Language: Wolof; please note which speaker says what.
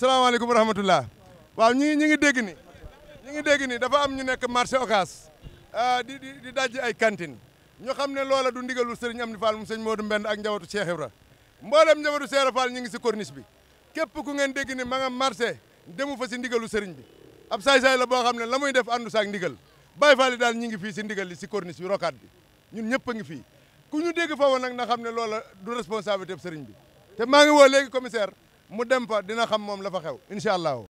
Speaker 1: salaamaaleykum wa rahmatullah waaw ñi ngi ñi ngi dégg ni ñi ngi dégg ni dafa am ñu nekk marché Ocass ah, di di di ay cantine ñu xam ne loola du ndigalul sëriñ Amdi Fall mu sëñ Modou Mbend ak njabootu Cheikh Ibra mboolem njabootu Cheikh Fall ñi ngi si corniche bi képp ku ngeen dégg ni ma nga marché demu fa si ndigalu sëriñ bi ab saay-saay la boo xam ne la muy def àndu saak ndigal Baye Fall daal ñi ngi fii si ndigal si corniche bi rokaat bi ñun ñëpp a ku ñu dégg fa woon nag na xam ne loola du responsabilité sëriñ bi maa ngi woo léegi mu dem fa dina xam
Speaker 2: moom la fa xew incha allah